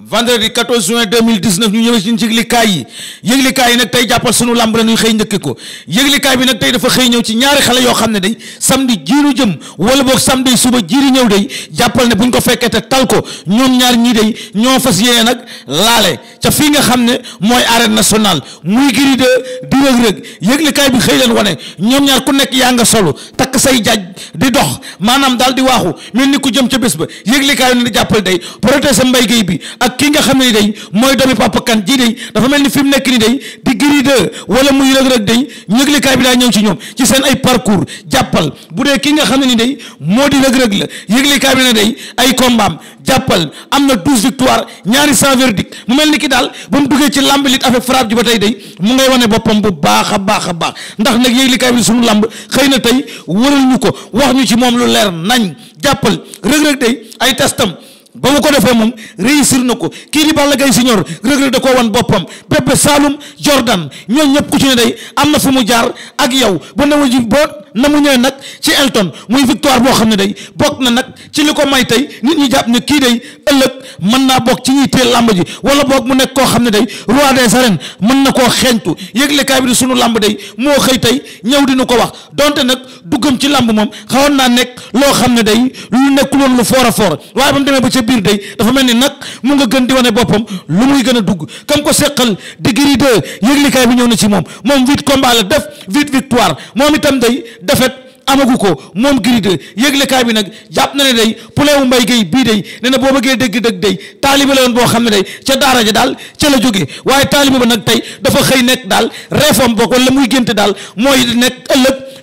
vendredi 14 juin 2019 ñu ñëwee ci yëglikaay yi yëglikaay yi nag tey jàppal sunu làmb la ñuy xëy njëkke ko yëglikaay bi nag tey dafa xëy ñëw ci ñaari xale yoo xam ne day samedi jiiru jëm wala boog samedi suba jiiri ñëw day jàppal ne bu ñu ko fekkee te tal ko ñoom ñaar ñii day ñoo fas yéene nag laale ca fii nga xam ne mooy arène national muy giri de di rëg-rëg yëglikaay bi xëy leen wane ñoom ñaar ku nekk yaa nga solo takk say jaaj di dox maanaam daal di waaxu mel ni ku jëm ca bés ba yëglikaay yi ne jàppal day protéger mbay géey bi ak ki nga xam ne day mooy doomi Papa Kane ji day dafa mel ni fi mu nekk nii day di Gris 2 wala muy Reug Reug day yëglekaay bi daa ñëw ci ñoom ci seen ay parcours jàppal bu dee ki nga xam ni day moo di Reug Reug la yëglekaay bi ne day ay kombaam jàppal am na douze victoire ñaari sans verdict mu mel ni ki daal ba mu duggee ci làmb lit avec frappe ji ba tey day mu ngay wane boppam bu baax a baax a baax ndax nag yëglekaay bi suñu lamb xëy na tey wëral ñu ko wax ñu ci moom lu leer nañ jàppal Reug Reug day ay testam ba mu ko defee moom réussir na ko kii di Balla Gaye senior Reug Reug da koo wan boppam Bébé Saloum Jordan ñoom ñëpp ku ci ne day am na fu mu jaar ak yow ba na mu ji boo na mu ñëwee nag ci Elton muy victoire boo xam ne day bokk na nag ci li ko may tey nit ñi jàpp ne kii day ëllëg mën naa bokk ci ñuy téel làmb ji wala boog mu nekk koo xam ne day roi des arènes mën na koo xeeñtu yëglekaay bi di sunu làmb day moo xëy tey ñëw di nu ko wax donte nag duggam ci làmb moom xawoon naa nekk loo xam ne day lu nekkul woon lu foor biir day dafa mel ni nag mu nga gën di wane boppam lu muy gën dugg kam ko seqal di giri de bi ñëw na ci moom moom huit combat la def huit victoire moom itam day défaite amagu ko moom giri de yëglekaay bi nag jàpp na ne day poulet wu mbay gay bii day nee na boo bëggee dégg dëgg day taalibe la woon boo xam ne day ca daara ja daal ca la jógee waaye taalibe ba nag tey dafa xëy nekk daal réforme boog wala muy génte daal mooy nekk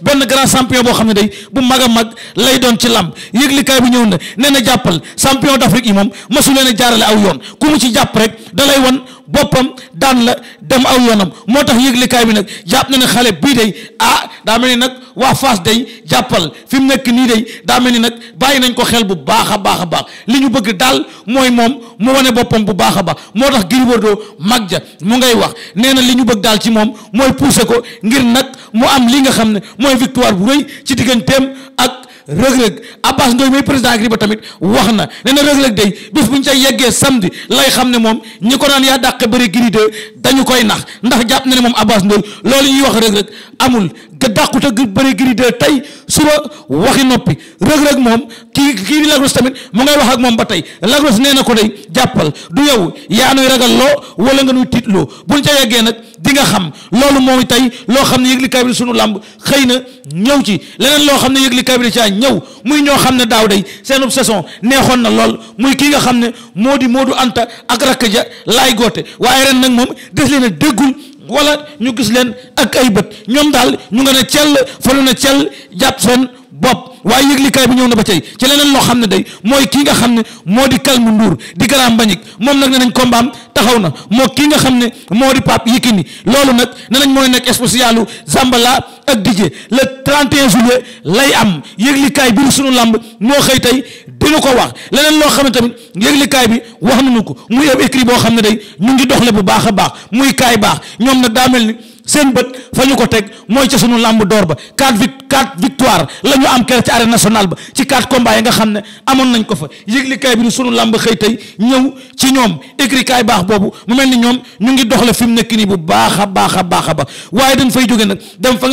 benn grand champion boo xam ne day bu mag a mag lay doon ci làmb yëglikaay bi ñëw na nee na jàppal champion d'Afrique yi moom masu leen a jaarale aw yoon ku mu ci jàpp rek da lay wan boppam daan la dem aw yoonam moo tax yëglikaay bi nag jàpp na ne xale bii day ah daa mel ni nag waa Fass day jàppal fi mu nekk nii day daa mel ni nag bàyyi nañ ko xel bu baax a baax a baax li ñu bëgg daal mooy moom mu wane boppam bu baax a baax moo tax Gris Bordeaux mag ja mu ngay wax nee na li ñu bëgg daal ci moom mooy pousser ko ngir nag mu am li nga xam ne mooy victoire bu rëy ci digganteem ak. rëg-rëg Abbas Ndoy mooy président Agri ba tamit wax na nee na rëg-rëg bis bu ñu ca yeggee samedi lay xam ne moom ñi ko naan yaa dàq bëri Gris dañu koy nax ndax jàpp na ne moom Abbas Ndoy loolu ñuy wax rëg-rëg amul te dàqut ak bëri Gris 2 tey suba waxi noppi rëg-rëg moom kii kii di Lac Rose tamit mu ngay wax ak moom ba tey Lac Rose nee na ko day jàppal du yow yaa nuy ragal loo wala nga nuy tiitloo buñ ca yeggee nag di nga xam loolu mooy tey loo xam ne yëglikaay bi sunu làmb xëy na ñëw ci leneen loo xam ne yëglikaay bi da caa ñëw muy ñoo xam ne daaw day seen saison neexoon na lool muy kii nga xam ne moo di Modou Anta ak rakk ja laay goote waaye ren nag moom des leen a déggul wala ñu gis leen ak ay bët ñoom daal ñu nga ne cell falu na cell jàpp seen bopp waaye yëglikaay bi ñëw na ba tey ci leen loo xam ne day mooy kii nga xam ne moo di Calme Ndour di Grand Mbagnick moom nag ne nañ kombaam taxaw na moo kii nga xam ne moo di Pape Yékini loolu nag ne nañ mooy nekk spécialu Zambala ak DJ le 31 juillet lay am yëglikaay bi sunu làmb moo xëy tey dina ko wax leneen loo xam ne tamit yëglikaay bi wax nañu ko muy ab écrit boo xam ne day ñu ngi doxle bu baax a baax muy kaay baax ñoom nag daa mel ni seen bët fa ñu ko teg mooy ca sunu làmb door ba quatre vict quatre victoire la ñu am keroog ci arène nationale ba ci quatre combats yi nga xam ne amoon nañ ko fa yëglikaay bi ni sunu làmb xëy tey ñëw ci ñoom écrit kaay baax boobu mu mel ni ñoom ñu ngi doxle fi mu nekk nii bu baax a baax baax a baax waaye dañ fay jóge nag dem fa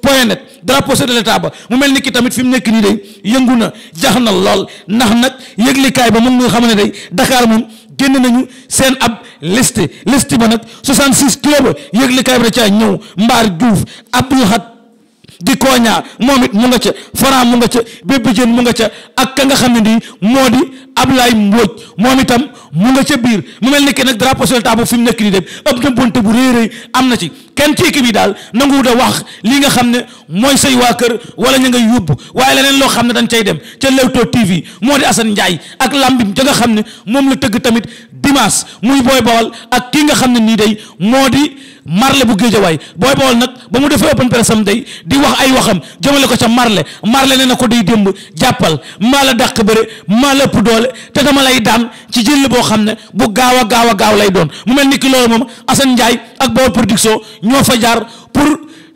point net drapeau chef de ba mu mel ni kii tamit fi mu nekk nii day yëngu na jax na lool ndax nag yëglikaay ba moom nga xam ne day Dakar moom génn nañu seen ab liste liste ba nag 66 kilo ba yëglikaay ba da caa ñëw Mbaar Diouf Abdou xat di Koña moom it mu nga ca Fara mu nga ca bépp Diène mu nga ca ak ka nga xam ne nii moo di ab Ablaye Mbodj moom itam mu nga ca biir mu mel ni que nag drapeau sur la table mu nekk nii dem ëpp na bonte bu rëy rëy am na ci kenn ci équipe yi daal nangu da wax li nga xam ne mooy say waa kër wala ña ngay yóbbu waaye leneen loo xam ne dañ cay dem ca Leewtoo TV moo di Assane Ndiaye ak lambim ja nga xam ne moom la tëgg tamit dimanche muy booy bawal ak kii nga xam ne nii day moo di marle bu géejawaay booy bawal nag ba mu defee open press am day di wax ay waxam jëmale ko ca marle marle nee na ko day démb jàppal maa la dàq bëre te dama lay daan ci jël boo xam ne bu gaaw a gaaw a gaaw lay doon mu mel ni ki loolu moom Assane Ndiaye ak Baol production ñoo fa jaar pour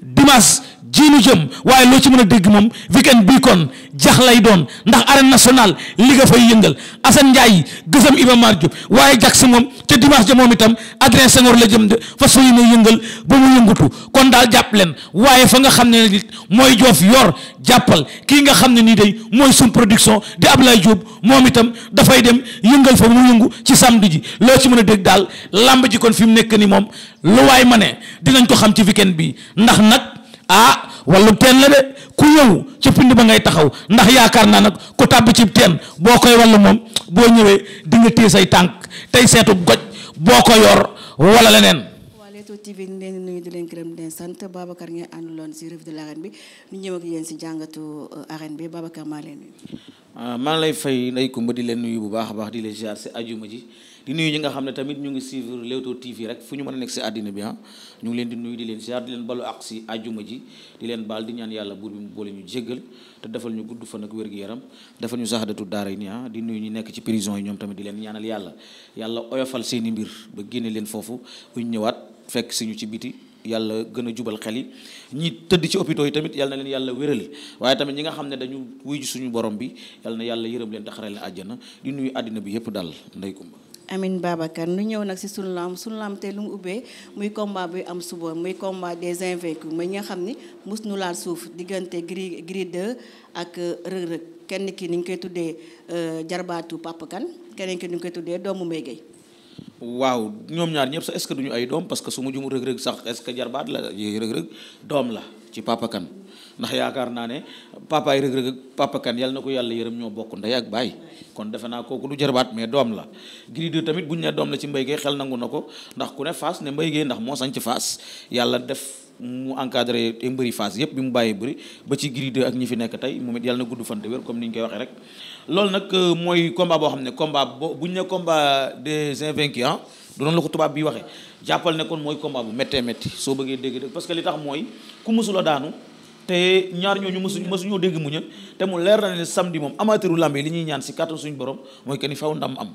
dimanche ci ñu jëm waaye loo ci mën a dégg moom weekend bii kon jax lay doon ndax arène nationale li nga fay yëngal Assane Ndiaye gësam Iba Mar Diop waaye jak si moom ca dimanche ja moom itam Adrien Senghor la jëm de fa soo yéene yëngal ba mu yëngatu kon daal jàpp leen waaye fa nga xam ne nit mooy joof yor jàppal kii nga xam ne nii day mooy suñ production di Ablaye Diop moom itam dafay dem yëngal fa mu yëngu ci samedi ji loo ci mën a dégg daal lamb ji kon fi mu nekk ni moom waay ma ne dinañ ko xam ci weekend bi wallu teen la de ku ñëw ci pind ba ngay taxaw ndax yaakaar naa nag ku tàbb ci teen boo koy wallu moom boo ñëwee di nga say tànk tey seetu goj boo ko yor wala leneen Leewtoo TV ñu leen nuyu di leen gërëm di leen sant Babacar ngeen si revue de l'arène bi ñu ñëw ak yéen si jàngatu euh, arène bi Babacar maa ngi lay ah, fay Ndeye Coumba di leen nuyu bu baax a baax di leen ziar si ajuma ji di nuyu ñi nga xam ne tamit ñu ngi suivre Leewtoo TV rek fu ñu mën a nekk si àddina bi ah ñu ngi leen di nuyu di leen ziar di leen balu ak si àjjuma ji di leen baal di ñaan yàlla buur bi mu boole ñu jéggal te defal ñu gudd fan ak wér-gu-yaram defal ñu saxadatu daara yi ni ah di nuyu ñi nekk ci prison yi ñoom tamit di leen ñaanal yàlla yàlla oyofal seeni mbir ba génne leen foofu bu ñëwaat fekk si ñu ci biti yàlla gën a jubal xel yi ñi tëdd ci hôpitaux yi tamit yàlla na leen yàlla wéral waaye tamit ñi nga xam ne dañu wuy suñu borom bi yàlla na yàlla yërëm leen taxaral leen àjjana di nuyu àddina bi yëpp daal ndey kumba Amine Babacar lu ñëw nag si sunu lamb sunu lamb te lu mu ubbee muy combat buy am suba muy combat des invaincus muy ñi nga xam ni mus nu laal suuf diggante Gris Gris 2 ak euh, Reug Reug kenn ki ni ñu koy tuddee euh, jarbaatu Papa Kane keneen ki nu ñu koy tuddee doomu Mbaye waaw ñoom ñaar ñëpp sa est-ce que ay doom parce que su ma jumu rëg-rëg sax est-ce jarbaat la rëg-rëg doom la ci papa ndax yaakaar naa ne papaay rëg-rëg ak papa na ko yàlla yërëm ñoo bokk ndey ak baay kon defe naa kooku du jarbaat mais doom la Gris 2 tamit buñ ne doom la ci Mbaye Guèye xel nangu na ko ndax ku ne Fass ne Mbaye Guèye ndax moo sañ ci yàlla def mu encadré mbëri Fass yëpp bi mu bàyyi bëri ba ci Gris 2 ak ñi fi nekk tey moom it yàlla na gudd comme ni ñu koy rek loolu nag euh, mooy combat boo xam ne combat bo bu ñu ne combat des invaincus ah du noonu la ko tubaab bi waxee jàppal ne kon mooy combat bu méttee métti soo bëggee dégg dégg parce que li tax mooy ku mësula daanu te ñaar ñoo ñu mësuñu mësuñoo dégg mu ñu te mu leer na ne samedi moom amateuru lamb yi li ñuy ñaan si kàttan suñu borom mooy que ni faw ndam am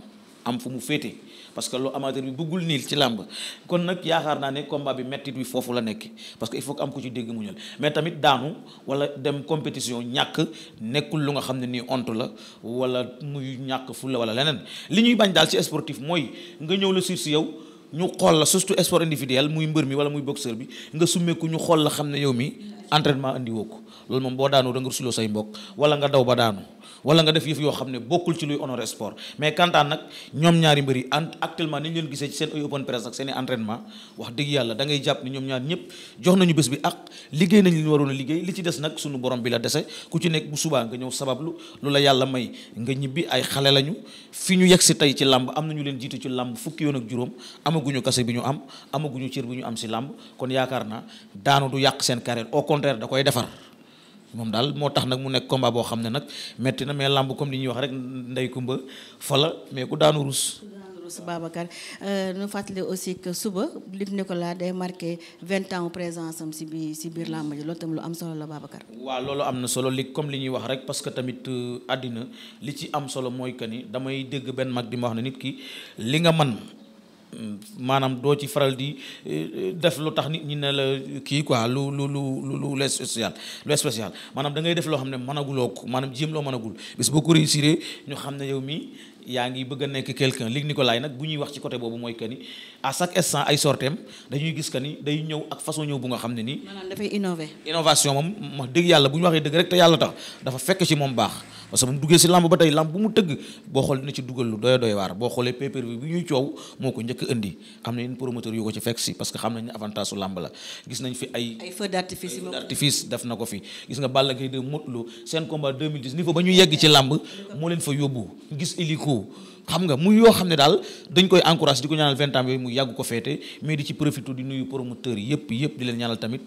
am fu mu féete. parce que lu amateur bi bëggul niil ci làmb kon nag yaakaar naa ne combat bi mettit bi foofu la nekk parce que il faut am ko ci dégg mu ñël mais tamit daanu wala dem compétition ñàkk nekkul lu nga xam ne nii honte la wala muy ñàkk fulla wala leneen li ñuy bañ daal ci sportif mooy nga ñëw la sur si yow ñu xool la surtout sport individuel muy mbër mi wala muy boxeur bi nga summeeku ñu xool la xam ne yow mi entraînement andi woo ko loolu moom boo daanu da nga rusuloo say mbokk wala nga daw ba daanu wala nga def yëf yoo xam ne bokkul ci luy honoré sport mais kantaan nag ñoom ñaari mbër yi an actuellement ni ñu leen gisee ci seen ay open press ak seen i wax dëgg yàlla da ngay jàpp ni ñoom ñaar ñëpp jox nañu bés bi ak liggéey nañ li ñu waroon liggéey li ci des nag suñu borom bi la dese ku ci nekk bu subaa nga ñëw sabablu lu la yàlla may nga ñibbi ay xale lañu fi ñu yegg si tey ci làmb am nañu leen jiitu ci làmb fukki yoon ak juróom amaguñu kase bi ñu am amaguñu cër bi ñu am si làmb kon yaakaar naa daanu du yàq seen carrière au contraire da koy defar moom daal moo tax nag mu nekk combat boo xam ne nag metti na mais làmb comme li ñuy wax rek ndey kumba fala mais ku daanu rus Rousse Babacar nu euh, fàttali aussi que suba Luc Nicolas day marqué vingt ans présence am si biir si biir làmb ji loolu tamit lu am solo la Babacar. waaw loolu am na solo li comme li ñuy wax rek parce que tamit euh, àddina li ci am solo mooy que ni damay dégg benn mag di ma wax na nit ki li nga man maanaam doo ci faral di eh, def lu tax nit ñi ne la kii quoi lu lu lu lu lu lu spécial lu spécial maanaam da ngay def loo xam ne mënaguloo ko maanaam jéem loo managul bis boo ko réussiré ñu xam ne yow mii yaa ngi bëgg a nekk quelqu'un Luc Nicolaï nag bu ñuy wax ci côté boobu mooy que ni à chaque instant ay sorteem dañuy gis que ni day ñëw ak façon ñëw bu nga xam ne nii. maanaam dafay innover. innovation moom wax dëgg yàlla bu ñu waxee dëgg rek te yàlla tax dafa fekk ci moom baax. parce que bu mu duggee si lamb ba tey lamb bu mu tëgg boo xool dina ci dugal lu doy doy waar boo xoolee pay per bi ñuy coow moo ko njëkk indi am na yenn promoteur yu ko ci fekk si parce que xam nañ ne avantage su la gis nañ fi ay ay feu d'artifice def na ko fi gis nga Balla Gaye de Modou Lo seen combat 2010 ba ñu yegg ci làmb moo leen fa yóbbu gis hélico xam nga muy yoo xam ne daal dañ koy encouragé di ko ñaanal vingt ans mu yàgg ko feete mais di ci profité di nuyu promoteurs yëpp yëpp di leen ñaanal tamit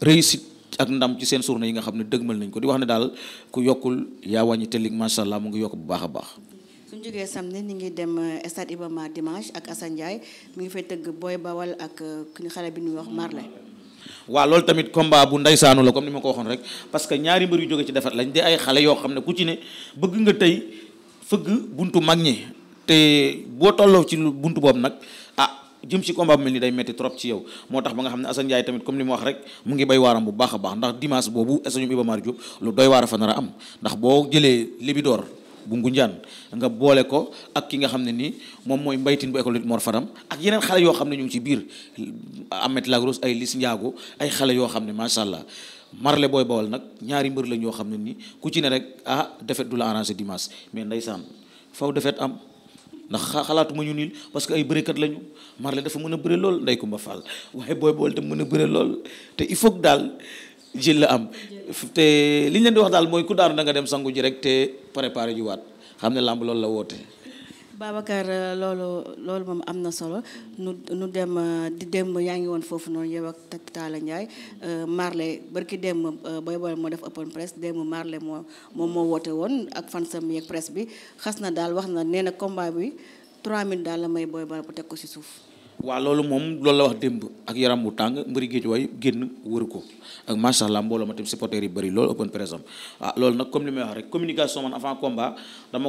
réussite ak ndam ci seen journée yi nga xam ne dëgmal nañ ko di wax ne daal ku yokkul yaa wàññi te lig macha allah mu ngi yokk bu baax a baax. suñu jógee samedi ni ngi dem eh, stade Iba Mar dimanche ak Assane Ndiaye mu ngi fay tëgg Boy Bawal ak eh, ki xale bi ñuy wax Marley. waa loolu tamit combat bu ndeysaanu la comme ni ma ko waxoon rek parce que ñaari mbër yu jóge ci defar lañ de ay xale yoo xam ne ku ci ne bëgg nga tey fëgg buntu mag ñi te boo tolloo ci buntu boobu nag ah, jëm ci combat bu mel ni day metti trop ci yow moo tax ba nga xam ne Assane Ndiaye tamit comme li mu wax rek mu ngi bay waaram bu baax a baax ndax dimanche boobu stade Iba Mar Diop a fa nga boole ko ak ki nga xam ne nii moom mooy mbaytin bu école Mor Fadam ak yeneen xale yoo xam ne ñu ngi ci biir Ahmed Lagros ay Lis njaago ay xale yoo xam ne macha allah marle booy bawal nag ñaari mbër lañ yoo xam ne nii ku ci ne rek ah defet du la arrangé dimanche mais ndeysaan faw defet am ndax xalaatu ma ñu niil parce que ay bërekat lañu Marley dafa mën a bëre lool Ndeye Coumba fal waaye Boy Baol tam mën a bëre lool te il faut daal jël la am te li ñu leen di wax daal mooy ku daanu da nga dem sangu ji rek te préparé ju waat xam ne làmb loolu la woote. Babacar euh, loolu loolu moom am na solo nu nu dem euh, di démb yaa ngi woon foofu noonu yow ak Talla Ndiaye euh, Marley barki démb booy boole moo def open press démb Marley moo moom moo woote woon ak fansam yeeg presse bi xas na daal wax na nee na combat bi 3000 daal la may booy boole bu teg ko ci suuf. waaw loolu moom loolu la wax démb ak yaram bu tàng mbëri géej waay génn wër ko ak macha allah mbooloo ma tamit supporters yi bëri loolu open press am ah loolu nag comme wax rek communication man avant combat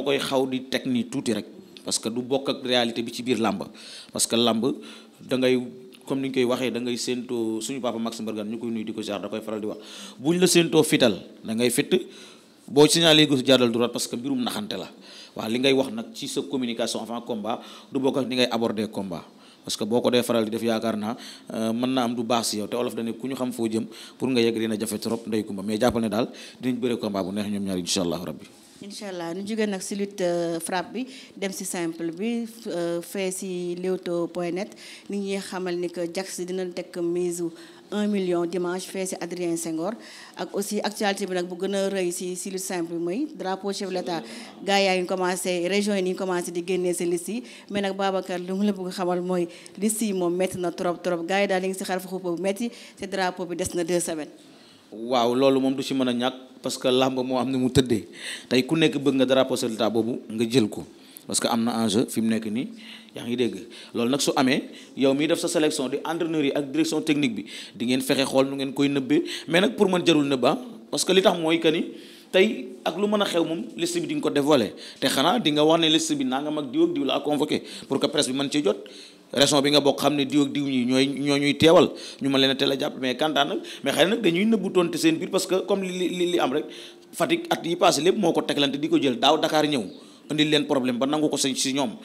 koy xaw di teg nii tuuti rek. parce que du bokk ak réalité bi ci biir làmb parce que làmb da ngay comme ni ñu koy waxee da ngay séentoo suñu papa Max Mbargane ñu koy nuyu di ko jaar da koy faral di wax buñ la séentoo fital da ngay fitt boo signalé gu jàddal droit parce que mbirum naxante la waaw li ngay wax nag ci sa communication avant combat du bokk ak ni ngay aborder combat parce boo ko dee faral di def yaakaar naa euh, mën na am du baax si yow te olof dane ku ñu xam foo jëm pour nga yegg dina jafe trop ndey kumba mais jàppal ne daal dinañ bëre combat bu neex ñoom ñaar incha allah ñu jógee nag si lutte euh, frappe bi dem si simple bi euh, fee si Leewtoo point net ni ñuy xamal ni que Jax dina tekk mise 1 million dimanche fee si Adrien Senghor ak aussi actualité bi nag bu gën a rëy si si lutte simple bi mooy drapeau chef de yaa ngi commencé région yi ni commencé di génnee si liste yi mais nag Babacar lu mu la bëgg xamal mooy liste yi moom métti na trop trop gars yi daal li ngi si xar fa xuupa bu métti te drapeau bi des na deux semaines waaw loolu moom du ci mën a ñàkk parce que làmb moo am ni mu tëddee tey ku nekk bëgg nga drapeau résultat boobu nga jël ko parce que am na enjeu fi mu nekk nii yaa ngi dégg loolu nag su amee yow miy def sa sélection di entraîneur yi ak direction technique bi di ngeen fexe xool nu ngeen koy nëbbee mais nag pour man jarul nëbba parce que li tax mooy que ni tey ak lu mën a xew moom liste bi di nga ko dévoiler te xanaa di nga wax ne liste bi nangam ak diw ak diw pour que presse bi mën ci jot région bi nga bokk xam ne diw ak diw ñi ñooy ñoo ñuy teewal ñu ma leen a teel a jàpp mais kantaan mais xëy nag dañuy nëbbutoon te seen biir parce que comme li li li am rek Fatick at yi passé lépp moo ko teglante di ko jël daaw dakaar ñëw indil leen problème ba nangu ko si ñoom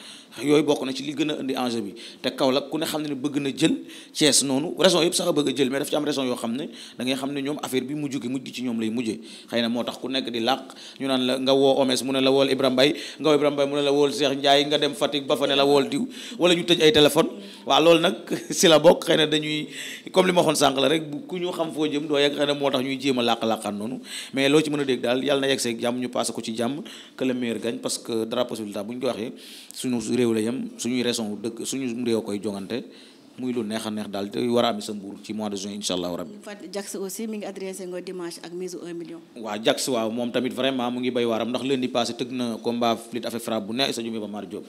yooyu bokk na ci li gën a indi enjeu bi te Kaolack ku ne xam ne ne bëgg na jël Thiès noonu raison yëpp sax a bëgg a jël mais daf ci am raison yoo xam ne da xam ne ñoom affaire bi mujj gi mujj ci ñoom lay mujjee xëy na moo tax ku nekk di làq ñu naan la nga woo Omes mu ne la wool Ibrahima Mbaye nga woo Ibrahima Mbaye mu ne la wool Cheikh Ndiaye nga dem Fatick ba fa ne la wool diw wala ñu tëj ay téléphone waaw loolu nag si la bokk xëy na dañuy comme li ma waxoon sànq la rek ku ñu xam foo jëm doo yegg xëy moo tax ñuy jéem a làq noonu mais loo ci mën a dégg daal yàlla na yegg jàmm ñu passé ko ci jàmm que le meilleur parce que drapeau résultat bu lu neex daal te war a am sa mbuur ci mois de ak mise au 1 million. waaw Jax waaw moom tamit vraiment mu ngi bay waaram ndax lundi passé tëgg na combat Flit avec Fra bu neex sa jumi ba Mar Diop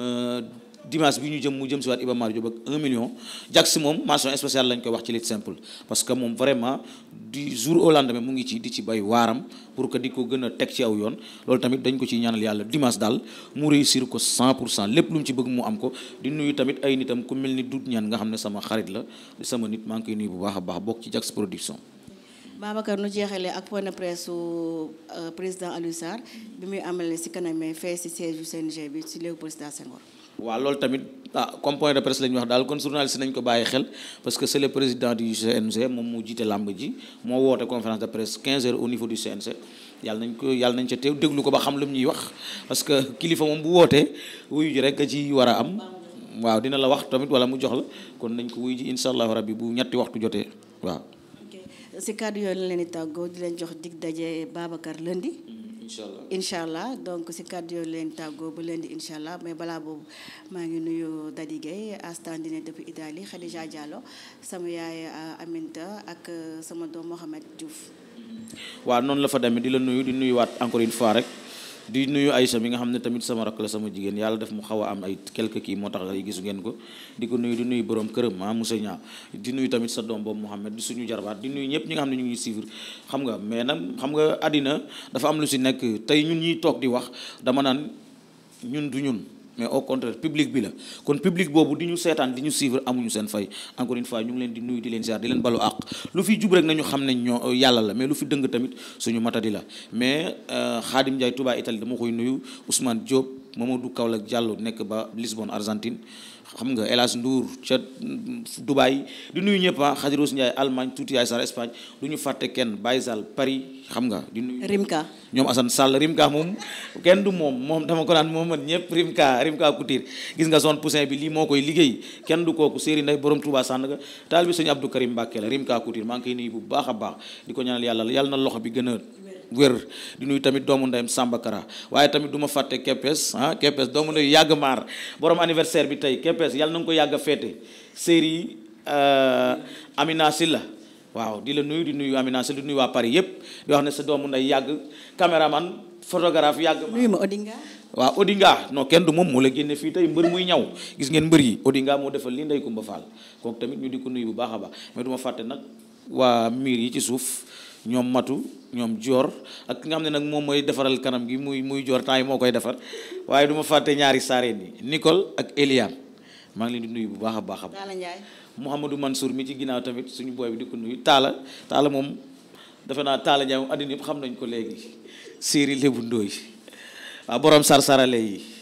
euh, dimanche bi ñu jëm mu jëm si waat Iba Mar Diop ak 1 million jag moom mention spéciale lañ koy wax ci lutte simple parce que moom vraiment du ngi ci di ci bay di ko gën a teg yoon loolu tamit dañ ko ci ñaanal yàlla dimanche daal mu réussir ko lépp lu mu bëgg mu am ko di nuyu tamit ay nitam ku mel ni nga xam ne sama xarit la di sama nit maa ngi koy nuyu baax a baax bokk ci Jax production. Babacar nu jeexalee ak point de presse su euh, président Alioune bi muy amalee si kanam fee si siège yu CNG bi si Léopold Sédar Senghor. waaw loolu tamit ah comme point de presse la wax daal kon journaliste nañ ko bàyyi xel parce que c'est le président du CNG moom moo jiite làmb ji moo woote conférence de presse 15 heures au niveau du CNG yàlla nañ ko yàlla nañ ca teew déglu ko ba xam lu wax parce kilifa moom bu wootee wuyu ji a ci war a am waaw dina la wax tamit wala mu jox la kon nañ ko wuyu ji incha allahu rabbi bu ñetti waxtu jotee waaw. si kàddu yooyu la leen di tàggoo incha incha allah donc si kàddu leen tàggoo ba leen di incha allah mais balaa boobu maa ngi nuyu Dadi Gueye astandine depuis Italie Khadija Diallo sama yaay euh, Aminta ak euh, sama doom Mohamed Diouf. waa noonu la fa demee di la nuyu di nuyuwaat encore une fois rek. di nuyu Aïcha mi nga xam ne tamit sama rakk la sama jigéen yàlla def mu xaw a am ay quelque kii moo tax ay gisu ngeen ko di ko nuyu di nuyu borom këram ah monsieur Niang di nuyu tamit sa doom boobu Mouhamed di suñu jarbaat di nuyu ñëpp ñi nga xam ne ñu ngi suivre xam nga mais nag xam nga àddina dafa am lu si nekk tey ñun ñuy toog di wax dama naan ñun du ñun mais au contraire public bi la kon public boobu di ñu seetaan di ñu suivre amuñu seen fay encore une fois ñu ngi leen di nuyu di leen ziar di leen balu àq lu fi jub rek nañu xam ne ñoo euh, yàlla la mais lu fi dëng tamit suñu matadi la mais Xaadim euh, Njaay Touba Italie dama koy nuyu Ousmane Diop moom Mamadou Kaolack Diallo nekk ba Lisbonne Argentine xam nga El Hadj Ndour ca Dubaï di nuyu ñëpp ah Khadiros Ndiaye Allemagne tuuti yaay Sarr Espagne du ñu fàtte kenn Baye Sall Paris xam nga di nuyu. Rimka ñoom Assane Sall Rimka moom kenn du moom moom dama ko naan moom man ñëpp Rimka Rimka Couture gis nga son poussin bi lii moo koy liggéey kenn du kooku Serigne Ndeye borom Touba Sandaga taal bi sëñ Abdou Karim Mbacke la Rimka Couture maa ngi koy bu baax a baax di ko ñaanal yàlla yàlla na loxo bi gën a. wér di nuyu tamit doomu ndeyam Samba Kara waaye tamit duma ma fàtte Kepes ah Kepes doomu ndeyu yàgg maar borom anniversaire bi tey Kepes yàlla na nga ko yàgg a féete euh, aminasi la waaw di la nuyu di nuyu Amina Silla di nuyu waa Paris yëpp di wax ne sa doomu ndey yàgg caméraman photographe yàgg. nuyu ma Odinga. waaw Odinga non kenn du moom moo la génne fii tey mbër muy ñaw gis ngeen mbër yi Odinga moo defal lii Ndeye kumba Fall kooku tamit ñu di ko nuyu bu baax a baax fàtte nag waa ñoom matu ñoom joor ak nga xam ne nag moom mooy defaral kanam gi muy muy joor temps yi moo koy defar waaye duma fàtte ñaari saareen yi Nicole ak Eliane maa ngi leen di nuyu bu baax a baax a Mouhamadou Mansour mi ci ginnaaw tamit suñu booy bi di ko nuyu taala Talla moom defe naa Talla Ndiaye moom àddina yëpp xam nañ ko léegi Siri Lebu Ndooy waa boroom sar sarale yi